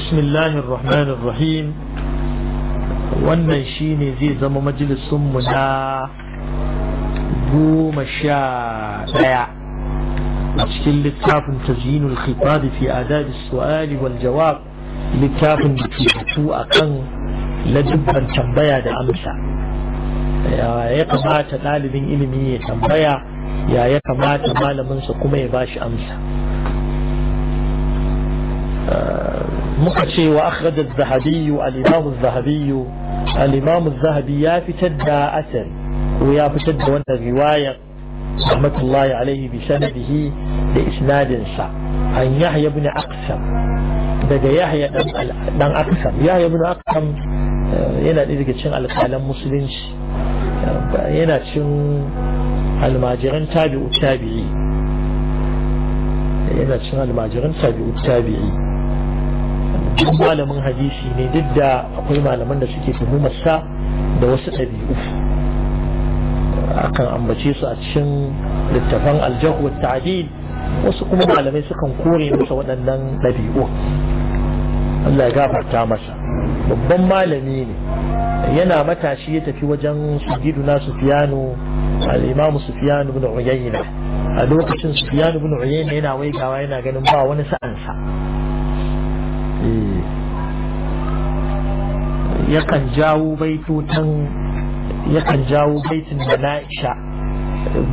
بسم الله الرحمن الرحيم wannan shi ne zai zama majalisunmu na goma sha ɗaya a cikin littafin tazinul khifadi fi adabi su'ali wal jawab littafin da ke batu a kan ladubban tambaya da amsa ya kamata ɗalibin ilimi ya tambaya ya ya kamata malaminsa kuma ya bashi amsa muka ce wa akhraj az-zahabi al-imam az-zahabi al-imam az-zahabi ya fitar da asar ko ya fitar da wannan riwayar rahmatullahi alaihi bi sanadihi da isnadin sa an yahya ibn aqsam daga yahya dan aqsam yahya ibn aqsam eh, yana da daga cikin alƙalan musulunci yana cin almajiran tabi'u tabi'i yana cikin almajiran tabi'u tabi'i malamin hadisi ne duk da akwai malaman da suke tuhumarsa da wasu ɗabi'u akan ambace su a cikin littafan aljahu wa ta'adil wasu kuma malamai sukan kore masa waɗannan ɗabi'u Allah ya gafarta masa babban malami ne yana matashi ya tafi wajen na sufiyanu Alimamu sufiyanu bin uyayna a lokacin sufiyanu bin uyayna yana waigawa yana ganin ba wani sa'ansa yakan jawo baitutan yakan jawo baitin da na isha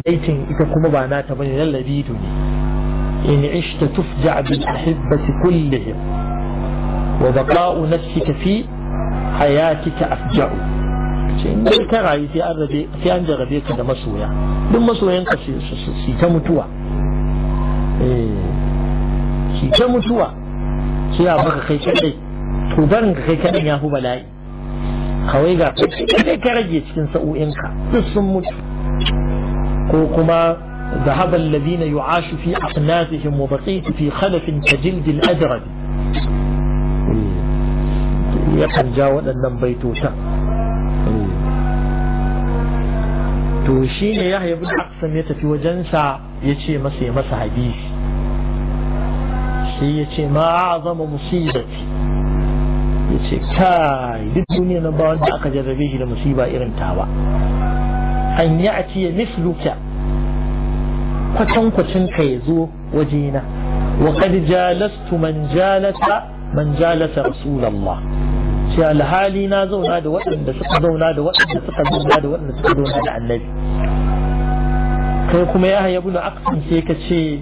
baitin ita kuma ba nata bane na labidu ne in ishta tufja bil ahibbati kullihim wa baqa'u nafsika fi hayatika afja'u ce in dai ka rayu sai an rabe sai an jarabe ka da masoya duk masoyan ka su ta mutuwa eh ta mutuwa sai a baka kai kadai to barin kai kadan ya fi bala'i kawai ga kai ka rage cikin sa'o'inka duk sun mutu ko kuma ذهب الذين يعاش في أقناتهم وبقيت في خلف كجلد الأدرج yakan ja waɗannan baitota hmm. to shi ne ya haibu da aksan ya tafi wajensa ya ce masa ya masa hadisi sai ya ce ma azama musibati ya ce kai duk duniya na ba wanda aka jarrabe shi da musiba irin ta ba an yi a ce misluka kwatankwacin ka ya zo wajena wa kad jalastu man jalata man jalata rasulullah ce alhali na zauna da waɗanda suka zauna da waɗanda suka zauna da waɗanda suka zauna da annabi kai kuma ya haya bin aksan sai ka ce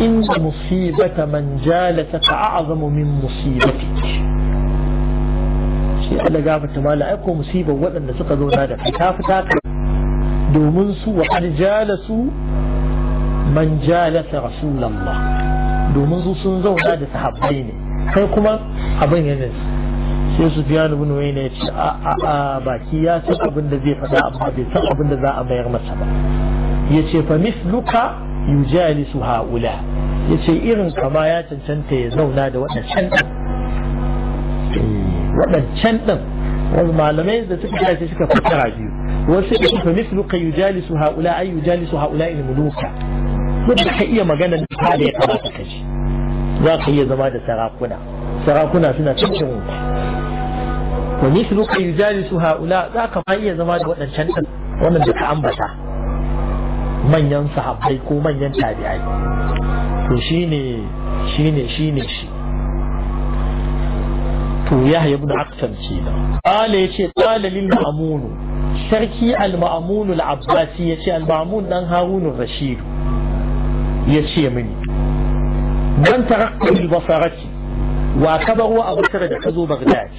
إن مصيبة من جالسك أعظم من مصيبتك shi Allah gafarta mala aiko musibar waɗanda suka zauna da kai ta fita ka domin su wa aljalasu man jalasa rasulullah domin su sun zauna da sahabbai ne kai kuma abin yana sai su biya ni wani ne ce a a baki ya san abin da zai faɗa amma bai san abin da za a mayar masa ba ya ce fa misluka yujalisu haula ya ce irin kama ya cancanta ya zauna da waɗancan ɗin eh, waɗancan ɗin wasu malamai da suka kai suka fassara biyu wasu da suka mislu ka yujalisu haula ay yujalisu haula il muluka yadda ka iya magana da ka da ya kamata ka ji za ka iya zama da sarakuna sarakuna suna cikin wa mislu ka yujalisu haula za ka iya zama da waɗancan ɗin wannan da ka ambata manyan sahabbai ko manyan tabi'ai to shine shine shine shi to yahya ibn aktam kenan qala yace qala lil ma'mun sarki al ma'mun al abbasi yace al ma'mun dan rashidu rashid yace mini man tarakta bil basarati wa kabaru abu tare da kazo bagdad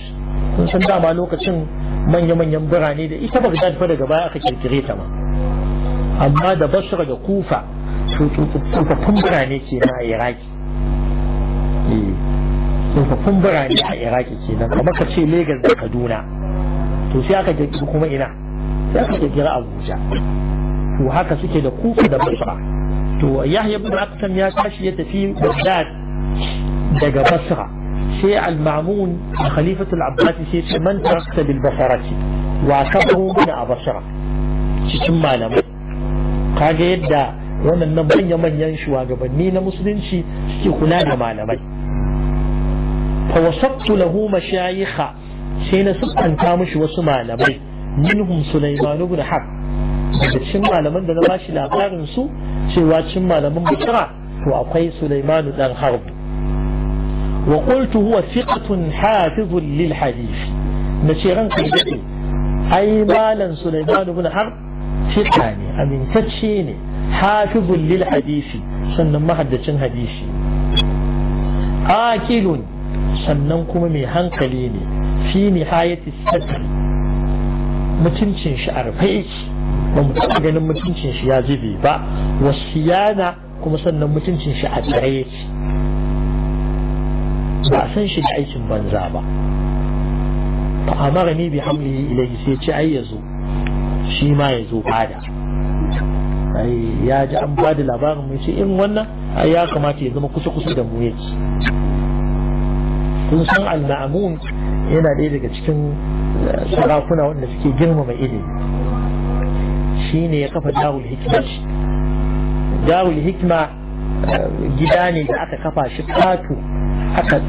kun san dama lokacin manya-manyan birane da ita bagdad fa daga baya aka kirkire ta ma amma da basra da kufa tsofaffin birane ke na iraki eh, tsofaffin birane a iraki ke nan kamar ka ce Legas da kaduna to sai aka kirkiri kuma ina sai aka kirkiri abuja to haka suke da kufa da basra to yahya ibn aktam ya tashi ya tafi baghdad daga basra sai al-ma'mun khalifatu al-abbasi sai ce man tarakta bil basarati wa kabaru min a basra cikin malamai kaga yadda wannan manya-manyan shugabanni na musulunci suke kula da malamai fa wasattu lahu mashayikha sai na sukanta mushi wasu malamai minhum Sulaiman ibn Haq da cin malaman da na bashi labarin su cewa cin malaman Misra to akwai Sulaiman dan Harb wa qultu huwa thiqatun hafizun lil hadith na ce ranka dade ai malan Sulaiman ibn Harb fiqa ne amintacce ne hafizul lil hadisi sannan mahaddacin hadisi aqilun sannan kuma mai hankali ne fi nihayati sadr mutuncin shi arfai ba mu taɓa ganin mutuncin shi ya zube ba wasiyana kuma sannan mutuncin shi a tsare yake ba san shi da aikin banza ba fa amara ni bi hamlihi ilayhi sai ce ai yazo shi ma ya zo fada ya ji an ba da labarin mai ce in wannan ai ya kamata ya zama kusa-kusa da mu yake kun san al-ma'amun yana ɗaya daga cikin eh, sarakuna wanda suke girmama ilimi shi ne ya kafa darul hikima shi darul hikima eh, gida ne da aka kafa shi tato aka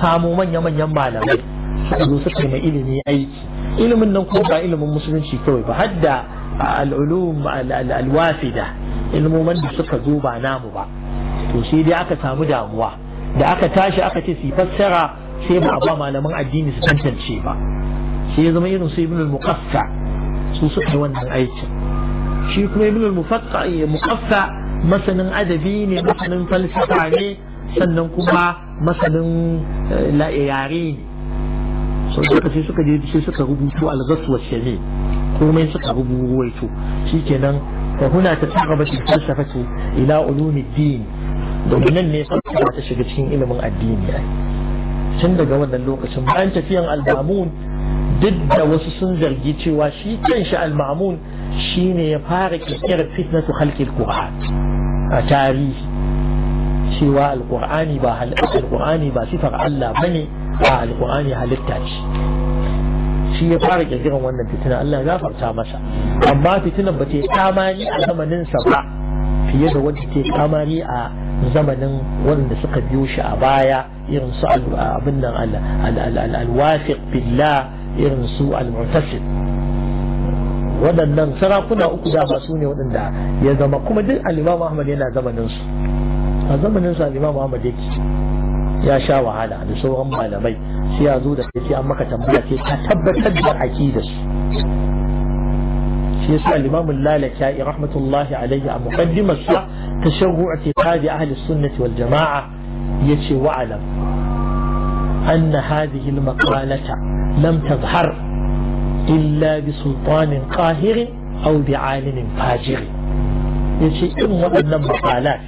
samu manya-manyan malamai suka zo suka yi mai ilimi aiki ilimin nan kuma ba ilimin musulunci kawai ba hadda al'ulum da ilmomin da suka zo ba namu ba to sai dai aka samu damuwa da aka tashi aka ce su fassara sai ba a ba malaman addini su tantance ba sai ya zama irin su ibn al-muqaffa su suka yi wannan aikin shi kuma ibn al-muqaffa eh, masanin adabi ne masanin falsafa ne sannan kuma masanin eh, yare ne sau suka sai suka je sai suka rubutu al-ghaswa shami komai suka rubuwaito shikenan fa huna tataqaba al-falsafatu ila ulumi din domin nan ne falsafa ta shiga cikin ilimin addini ai tun daga wannan lokacin bayan tafiyan al-mamun duk da wasu sun zargi cewa shi kanshi al-mamun shine ya fara kirkirar fitnatu khalqil qur'an a tarihi cewa al-qur'ani ba al-qur'ani ba sifar Allah bane a alƙur'ani halitta ce shi ya fara kirkiran wannan fitina Allah ya gafarta masa amma fitinan ba ta yi kamani a zamanin sa ba fiye da wanda ta kamani a zamanin wanda suka biyo shi a baya irin su abin nan alwafiq billah irin su almutasim waɗannan sarakuna uku da ba su ne waɗanda ya zama kuma duk al'imam Ahmad yana zamanin su a zamanin su al'imam Ahmad yake ya sha wahala da sauran malamai sai ya zo da kai sai an maka tambaya sai ka tabbatar da aqidar su shi yasa al-imam al-lalaka'i rahmatullahi alayhi a muqaddimar sa tashawwu' i'tiqadi ahli sunnah wal jama'a yace wa'alam anna hadhihi al-maqalata lam tadhhar illa bi sultanin qahirin aw bi alimin fajir yace irin waɗannan maqalat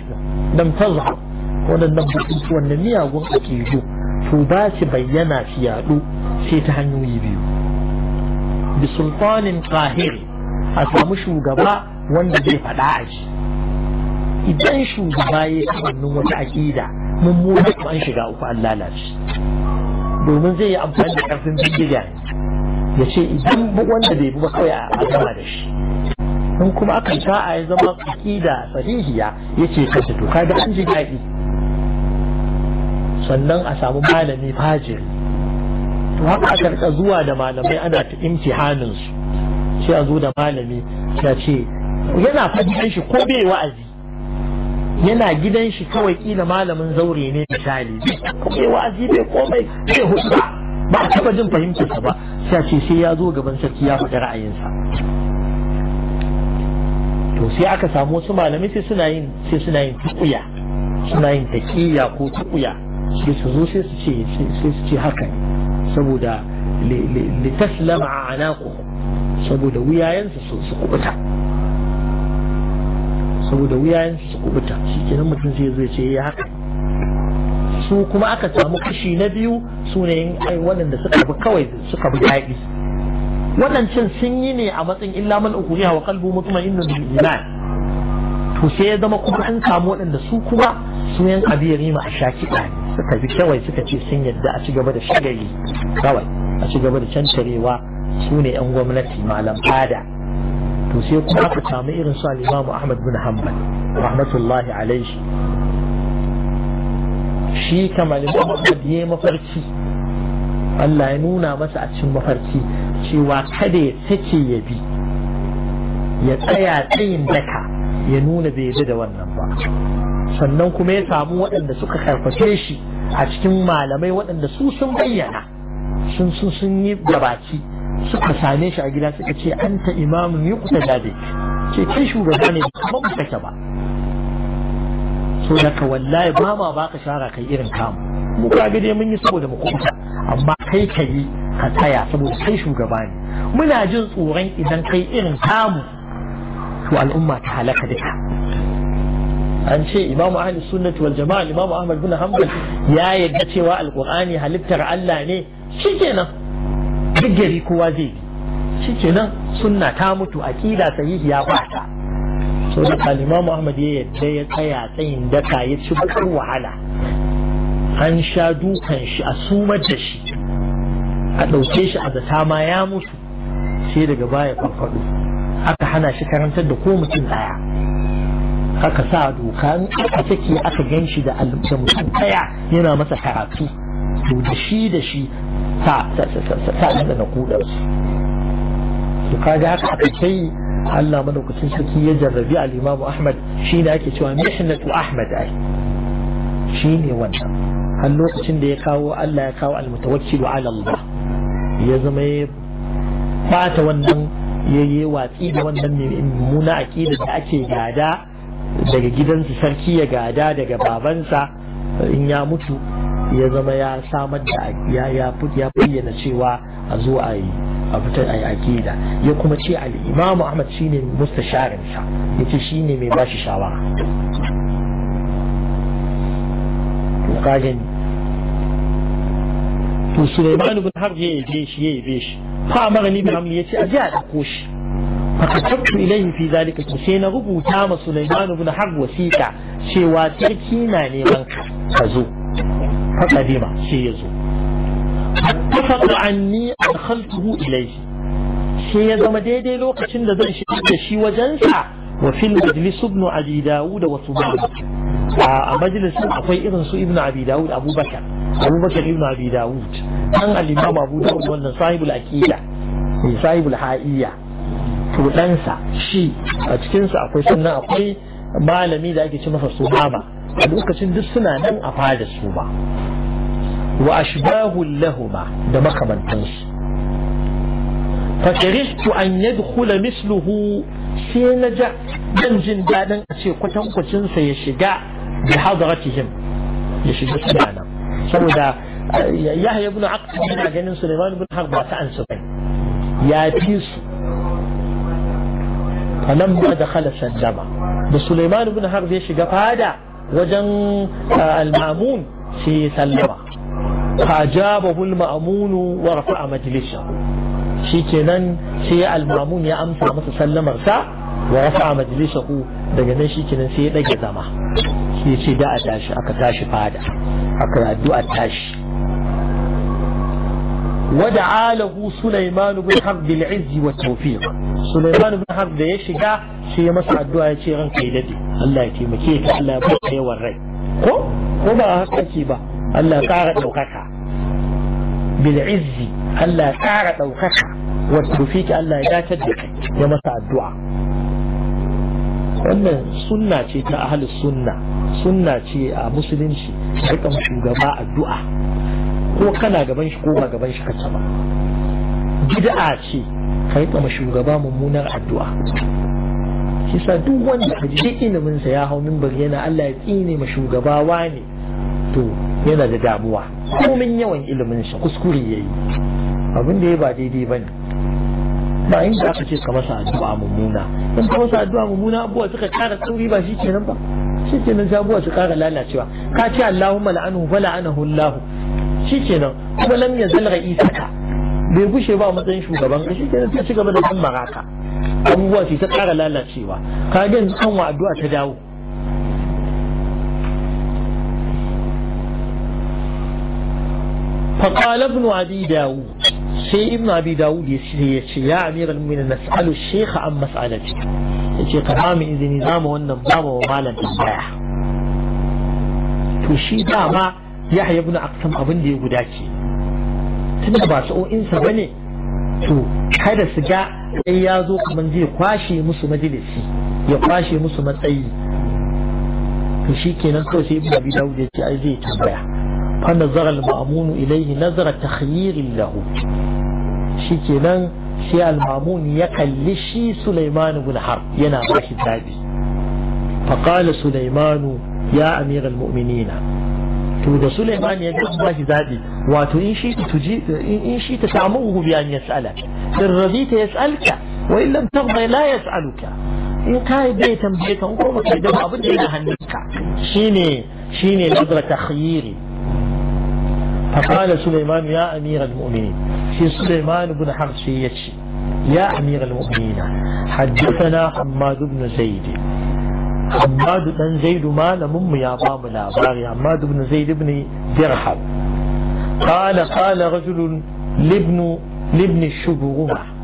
lam tazhar waɗannan bukukuwan na miyagun aƙidu to ba shi bayyana shi yaɗu sai ta hanyoyi biyu bi sultanin qahiri a samu shugaba wanda zai faɗa a shi idan shugaba ya kamannin wata aƙida mummuna kuma an shiga uku an lalace domin zai yi amfani da ƙarfin bindiga ya ce idan wanda bai bi ba kawai a gama da shi in kuma akan sa'a ya zama aƙida sahihiya ya ce kasa to kaga an ji daɗi sannan a samu malami fajir to haka aka rika zuwa da malamai ana ta imtihanin su sai a zo da malami ya ce yana fajin shi ko bai wa'azi yana gidan shi kawai kila malamin zaure ne misali bai wa'azi bai komai bai hudu ba a taba jin fahimtarsa ba sai ce sai ya zo gaban sarki ya faɗi ra'ayinsa to sai aka samu wasu malamai sai suna yin sai suna yin tukuya suna yin takiya ko tukuya sai su zo sai su ce sai su ce haka saboda litaslama a anaku saboda wuyayensu su kubuta saboda wuyayensu su kubuta shi kenan mutum sai zai ce ya haka su kuma aka samu kashi na biyu su ne waɗanda suka bi kawai suka bi daɗi waɗancan sun yi ne a matsayin illa man ukuriya wa kalbu mutmainnun bil iman to sai ya zama kuma an samu waɗanda su kuma su yan kabiyar ma a shaki ɗani suka tafi kawai suka ce sun yadda a ci gaba da shagali kawai a cigaba da cancarewa su ne 'yan gwamnati malam fada to sai kuma aka samu irin su al'imamu ahmad bin hanbal rahmatullahi alaihi shi kamar ahmad ya mafarki Allah ya nuna masa a cikin mafarki cewa kada ya sace ya bi ya tsaya tsayin daka ya nuna bai da wannan ba sannan kuma ya samu waɗanda suka karfafe shi a cikin malamai waɗanda su sun bayyana sun sun sun yi gabaci suka same shi a gida suka ce an ta imamun yi kuta dabe ce kai shugaba ne ba mu kake ba so daga wallahi ba ma baka shara kai irin kamu mu ka dai mun yi saboda mu kuta amma kai ka yi ka tsaya saboda kai shugaba ne muna jin tsoron idan kai irin kamu to al'umma ta halaka duka an ce imamu ahli sunnati wal jama'a imamu ahmad bin hanbal ya yadda cewa alqur'ani halittar Allah ne shikenan duk kowa zai shikenan sunna ta mutu aqida sahihiya ya ta so da imamu ahmad ya yadda ya tsaya tsayin daka ya ci bakar wahala an sha dukan shi a sumar da shi a ɗauke shi a zata ma ya mutu sai daga baya farfaɗo aka hana shi karantar da ko mutum daya aka sa doka in aka sake aka gan shi da mutum daya yana masa karatu to da shi da shi ta ta da na to kaga haka aka kai Allah madaukakin sarki ya jarrabi al-Imam Ahmad shi ne ake cewa mihnatu Ahmad ai shi ne wannan har lokacin da ya kawo Allah ya kawo al-mutawakkil ala Allah ya zama ya bata wannan yayi watsi da wannan mummuna aƙida da ake gada daga gidansu sarki ya gada daga babansa in ya mutu ya zama ya samar da ya ya ya bayyana cewa a zo a yi a fitar a aqida ya kuma ce al-Imam Ahmad shine mustasharin sa yace shine mai bashi shawara to to ibn Harb ya yi shi ya yabe shi fa amarni bi amli yace aje a dauko shi fa katabtu ilayhi fi zalika to sai na rubuta ma Sulaiman ibn Harb wasiqa cewa sarki na neman ka ka zo fa kadima sai ya zo fattafaqa anni adkhaltuhu ilayhi sai ya zama daidai lokacin da zan shiga da shi wajensa wa fil majlis ibn Abi Dawud wa Subhan a majalisin akwai irin su ibn Abi Dawud Abubakar abubakar ibn abi dawud dan al-imam abu dawud wannan sahibul aqida ne sahibul ha'iyya to sa shi a cikin sa akwai sannan akwai malami da ake ce masa suhaba a lokacin duk suna nan a fada su ba wa ashbahu lahuma da makamantansu fakaristu an yadkhula misluhu sai na ja dan jin dadin a ce kwatankwacinsa ya shiga bi hadratihim ya shiga sunana saboda ya haya bin haka yana ganin suleiman bin haka ba ta ansu bai ya fi su a nan da halasar dama da suleiman bin haka shiga fada wajen eh, al-mamun sai ya sallama ka ja babul ma'amunu wa a majalisa shi kenan sai almamun ya amsa masa sallamarsa wa rafa majlisahu daga nan shikenan sai ya dage zama shi ya ce da a tashi aka tashi fada aka addu'a tashi ودعا له سليمان بن حرب العز والتوفيق سليمان بن حرب ده يشجع شي مسا الدعاء يشي ران كي ددي الله يتيمكي ka Allah ya kai warrai ko ko ba haka ke ba Allah kara daukaka bil izz Allah ƙara daukaka wa tawfiq Allah ya dace da kai ya masa addu'a wannan sunna ce ta ahalus sunna sunna ce a musulunci rika shugaba addu'a ko kana gaban shi ko ba gaban shi kace ba bid'a ce ka rika ma shugaba mummunar addu'a Kisa duk wanda ka ji ilimin ya hau minbar yana Allah ya tsine ma shugaba wani to yana da damuwa komin yawan ilimin shi kuskure yayi abin da ya ba daidai bane ba yin da aka ce ka masa addu'a mummuna in ka masa addu'a mummuna abuwa suka kara tsauri ba shi kenan ba Shikenan kenan sai abuwa su kara lalacewa ka ce Allahumma la'anhu fa la'anahu Allah shi kenan kuma lam yazal ra'isaka bai gushe ba matsayin shugaban ka shikenan kenan sai ci gaba da kan maraka abubuwa su ta kara lalacewa ka ga yanzu kanwa addu'a ta dawo فقال ابن عدي داود sai ibn abi dawud ya ce ya ce ya amiral al-mu'minin nas'alu shaykha an mas'alati yace ka ba mu izini zamu wannan ba wa malam tambaya to shi dama yahya ibn aqsam abin da ya guda ce tunda ba sa'o'in sa bane to kada su ga sai ya zo kaman zai kwashe musu majalisi ya kwashe musu matsayi to shi kenan kawai sai ibn abi dawud ya ce ai zai tambaya فنظر المأمون إليه نظر تخيير له شكرا شيء المأمون يكلشي سليمان بن حرب ينا ماشي فقال سليمان يا أمير المؤمنين تود سليمان يدعو باش زادي واتو إن شئت تجي إن شئت تعمره بأن يسألك إن رضيت يسألك وإن لم ترضى لا يسألك إن كاي بيتا بيتا وقومك يدعو أبدا لها النكا شيني شيني نظرة خييري فقال سليمان يا أمير المؤمنين في سليمان بن حرب يتشي يا أمير المؤمنين حدثنا حماد بن زيد حماد بن زيد ما لمم يا بام الأبار حماد بن زيد بن درهم قال قال رجل لابن لابن الشبرمة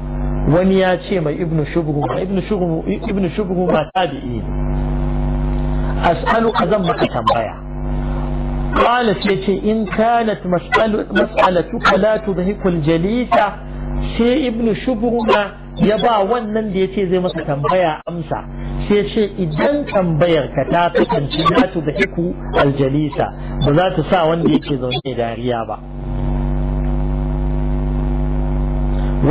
وني ya ce ابن ibnu ابن ibnu shubhuma tabi'i as'alu azan maka تنبيه قال سيتي إن كانت مسألة مسألتك لا تضحك الجليسة سي ابن شبرنا يبا ونن دي يتي زي masa tambaya أمسا sai ce idan tambayar ka ta kasance za ta da hiku aljalisa ba za ta sa wanda yake zaune dariya ba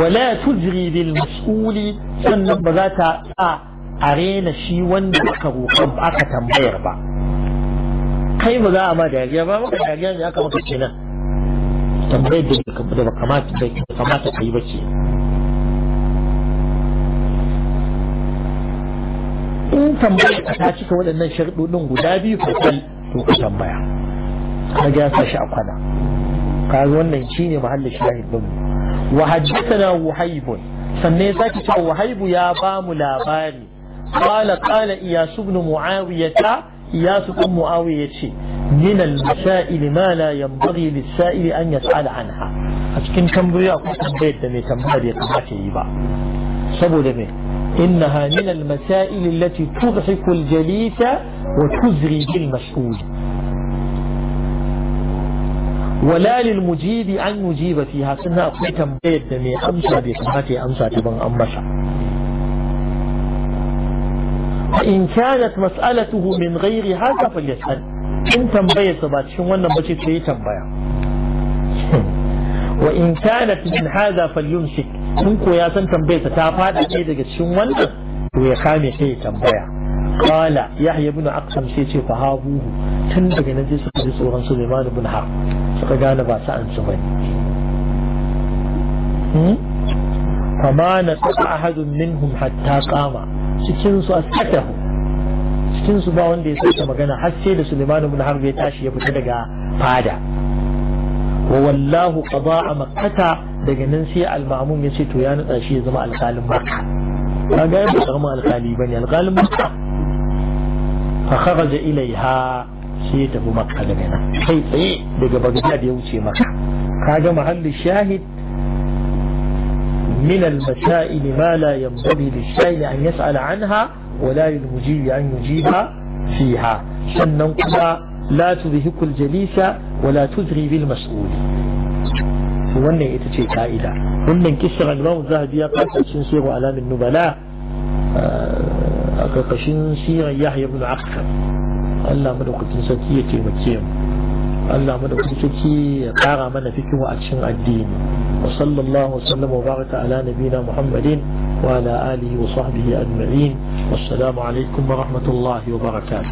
wala tujri bil mas'uli sannan ba za ta arena shi wanda aka aka tambayar ba kai ba za a ma dariya ba maka dariya ne aka maka kenan tambayar da ba kamata da kamata ka yi ba ke in tambaya ta cika waɗannan sharɗoɗin guda biyu ko kai to ka tambaya ka ga sa shi a kwana ka ga wannan shine mahallin shahid mu. wa haddathana wahaybun sannan ya sake cewa wahaybu ya ba mu labari قال قال إياس بن معاوية إياس أم معاوية من المسائل ما لا ينبغي للسائل أن يسأل عنها أشكن كم بيا أقول بيت دمي تنبغي قماتي يبا سبو دمي إنها من المسائل التي تضحك الجليس وتزري بالمسؤول ولا للمجيب أن يجيب فيها سنة أقول بيت دمي أمسى بقماتي أمسى تبن أمسى in kanat mas'alatuhu min ghairi haka falyasal in tambayarsa ba cikin wannan bace sai ya tambaya wa in kanat min hadha falyumsik in ko ya san tambayarsa ta fada ce daga cikin wannan to ya kame sai ya tambaya qala yahya ibn aqsam sai ce fa habuhu tun daga nan sai suka ji tsoron Sulaiman ibn Har suka gane ba su an su bane فما نطق أحد منهم حتى قام cikin su asatahu cikin su ba wanda ya saka magana har sai da Sulaiman ibn Harb ya tashi ya fita daga fada wa wallahu qada'a makkata daga nan sai al-ma'mum ya ce to ya nutsa shi ya zama alƙalin makka kaga ya ba zama alƙali bane alƙalin makka fa kharaja ilaiha sai ya tafi makka daga nan kai tsaye daga bagdad ya wuce makka kaga mahallin shahid من المسائل ما لا ينبغي للشاهد أن يسأل عنها ولا للمجيب أن يجيب فيها شننكما لا تذهك الجليس ولا تزغي بالمسؤول وانا يتشي كائدة وانا انكسر الله الزهدية قاسة شنسير وعلام النبلاء آه، أقرق شنسير يحيى بن عقر الله من وقت سكية مكيم الله من وقت سكية قارة من فيك وأتشن الدين الدين وصلى الله وسلم وبارك على نبينا محمد وعلى آله وصحبه أجمعين والسلام عليكم ورحمة الله وبركاته